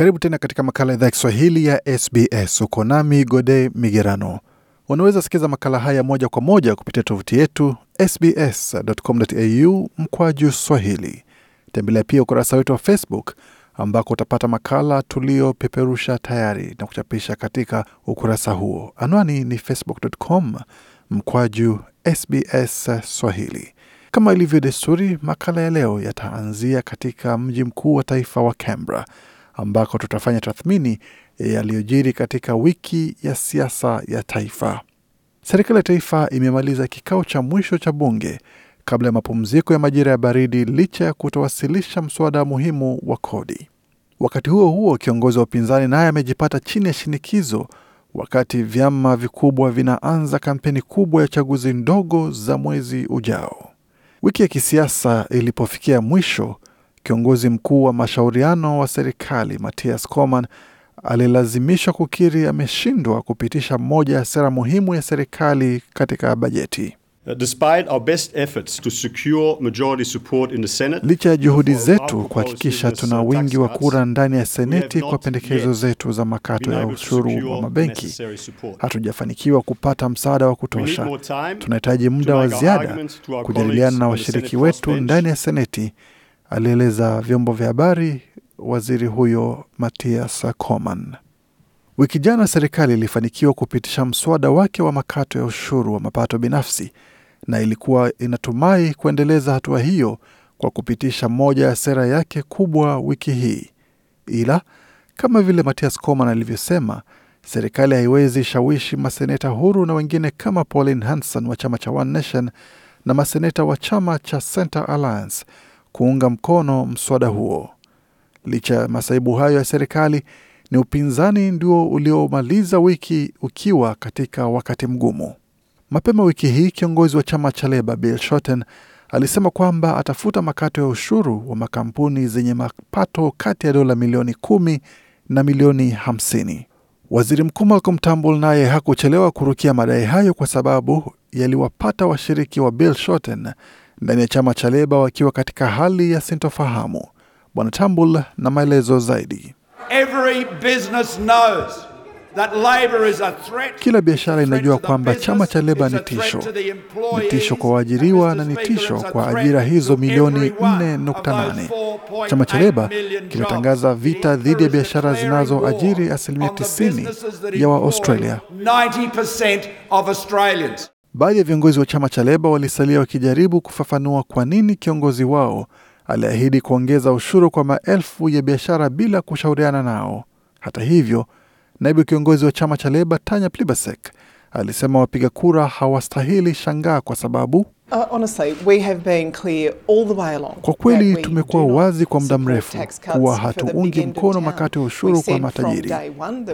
Karibu tena katika makala idhaa ya Kiswahili ya SBS. Uko nami Gode Migerano. Unaweza sikiza makala haya moja kwa moja kupitia tovuti yetu sbs.com.au mkwaju swahili. Tembelea pia ukurasa wetu wa Facebook ambako utapata makala tuliopeperusha tayari na kuchapisha katika ukurasa huo. Anwani ni facebook.com mkwaju SBS Swahili. Kama ilivyo desturi, makala ya leo yataanzia katika mji mkuu wa taifa wa Canberra ambako tutafanya tathmini e, yaliyojiri katika wiki ya siasa ya taifa. Serikali ya taifa imemaliza kikao cha mwisho cha bunge kabla ya mapumziko ya majira ya baridi, licha ya kutowasilisha mswada muhimu wa kodi. Wakati huo huo, kiongozi wa upinzani naye amejipata chini ya shinikizo, wakati vyama vikubwa vinaanza kampeni kubwa ya chaguzi ndogo za mwezi ujao. Wiki ya kisiasa ilipofikia mwisho, Kiongozi mkuu wa mashauriano wa serikali matthias Coman alilazimishwa kukiri ameshindwa kupitisha moja ya sera muhimu ya serikali katika bajeti. Uh, Licha ya juhudi zetu kuhakikisha tuna wingi wa kura ndani ya seneti kwa pendekezo zetu za makato ya ushuru wa mabenki, hatujafanikiwa kupata msaada wa kutosha. Tunahitaji muda wa ziada kujadiliana na washiriki wetu ndani ya seneti alieleza vyombo vya habari waziri huyo Matias coman Wiki jana serikali ilifanikiwa kupitisha mswada wake wa makato ya ushuru wa mapato binafsi na ilikuwa inatumai kuendeleza hatua hiyo kwa kupitisha moja ya sera yake kubwa wiki hii. Ila kama vile Matias coman alivyosema, serikali haiwezi shawishi maseneta huru na wengine kama Pauline Hanson wa chama cha One Nation na maseneta wa chama cha Center Alliance kuunga mkono mswada huo. Licha ya masaibu hayo ya serikali, ni upinzani ndio uliomaliza wiki ukiwa katika wakati mgumu. Mapema wiki hii kiongozi wa chama cha Leba Bill Shorten alisema kwamba atafuta makato ya ushuru wa makampuni zenye mapato kati ya dola milioni kumi na milioni hamsini. Waziri Mkuu Malcolm Turnbull naye hakuchelewa kurukia madai hayo kwa sababu yaliwapata washiriki wa Bill Shorten ndani ya chama cha Leba wakiwa katika hali ya sintofahamu. Bwana Tambul na maelezo zaidi. Every business knows that labor is a threat. Kila biashara inajua kwamba chama cha Leba ni tisho, ni tisho kwa waajiriwa na ni tisho kwa ajira hizo milioni 4.8. Chama cha Leba kimetangaza vita dhidi ya biashara zinazoajiri asilimia 90 ya Waaustralia. Baadhi ya viongozi wa chama cha Leba walisalia wakijaribu kufafanua kwa nini kiongozi wao aliahidi kuongeza ushuru kwa maelfu ya biashara bila kushauriana nao. Hata hivyo, naibu kiongozi wa chama cha Leba Tanya Plibersek alisema wapiga kura hawastahili shangaa kwa sababu Uh, kwa kweli tumekuwa wazi kwa muda mrefu kuwa hatuungi mkono makato ya ushuru kwa matajiri.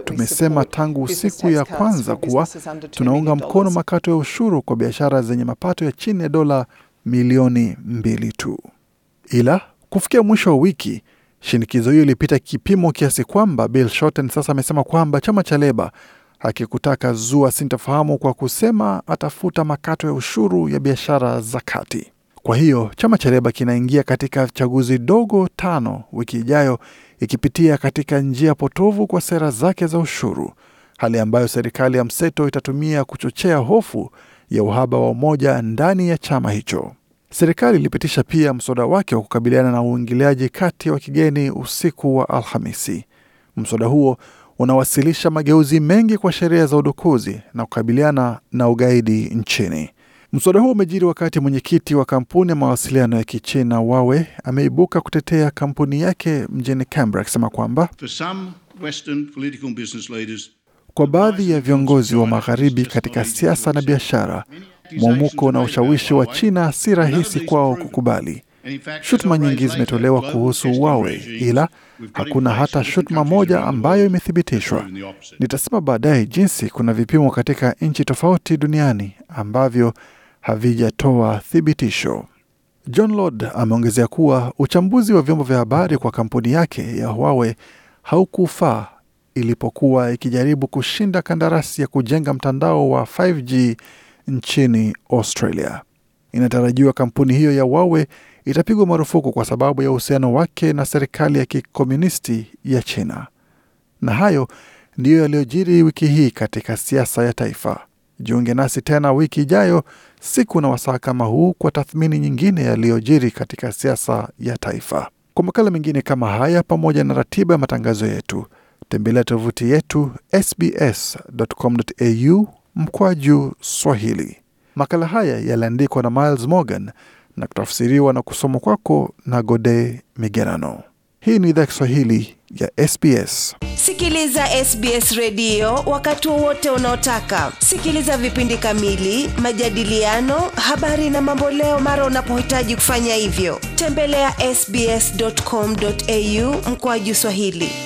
Tumesema tangu siku ya kwanza kuwa tunaunga mkono makato ya ushuru kwa biashara zenye mapato ya chini ya dola milioni mbili tu. Ila kufikia mwisho wa wiki, shinikizo hiyo ilipita kipimo kiasi kwamba Bill Shorten sasa amesema kwamba chama cha Leba akikutaka zua sintafahamu kwa kusema atafuta makato ya ushuru ya biashara za kati. Kwa hiyo chama cha Leba kinaingia katika chaguzi dogo tano wiki ijayo, ikipitia katika njia potovu kwa sera zake za ushuru, hali ambayo serikali ya mseto itatumia kuchochea hofu ya uhaba wa umoja ndani ya chama hicho. Serikali ilipitisha pia mswada wake wa kukabiliana na uingiliaji kati wa kigeni usiku wa Alhamisi. Mswada huo unawasilisha mageuzi mengi kwa sheria za udukuzi na kukabiliana na ugaidi nchini. Mswada huo umejiri wakati mwenyekiti wa kampuni ya mawasiliano ya Kichina wawe ameibuka kutetea kampuni yake mjini Canberra akisema kwamba kwa baadhi ya viongozi wa magharibi katika siasa na biashara, mwamko na ushawishi wa China si rahisi kwao kukubali. Shutuma nyingi zimetolewa kuhusu Huawei, ila hakuna hata shutuma moja ambayo imethibitishwa. Nitasema baadaye jinsi kuna vipimo katika nchi tofauti duniani ambavyo havijatoa thibitisho. John Lord ameongezea kuwa uchambuzi wa vyombo vya habari kwa kampuni yake ya Huawei haukufaa ilipokuwa ikijaribu kushinda kandarasi ya kujenga mtandao wa 5G nchini Australia. Inatarajiwa kampuni hiyo ya Huawei itapigwa marufuku kwa sababu ya uhusiano wake na serikali ya kikomunisti ya China. Na hayo ndiyo yaliyojiri wiki hii katika siasa ya taifa. Jiunge nasi tena wiki ijayo, siku na wasaa kama huu, kwa tathmini nyingine yaliyojiri katika siasa ya taifa. Kwa makala mengine kama haya, pamoja na ratiba ya matangazo yetu, tembelea tovuti yetu sbs.com.au mkwaju Swahili. Makala haya yaliandikwa na Miles Morgan na kutafsiriwa na kusoma kwako na Gode Migerano. Hii ni idhaa Kiswahili ya SBS. Sikiliza SBS redio wakati wowote unaotaka. Sikiliza vipindi kamili, majadiliano, habari na mamboleo mara unapohitaji kufanya hivyo. Tembelea ya sbs.com.au mkoaji Swahili.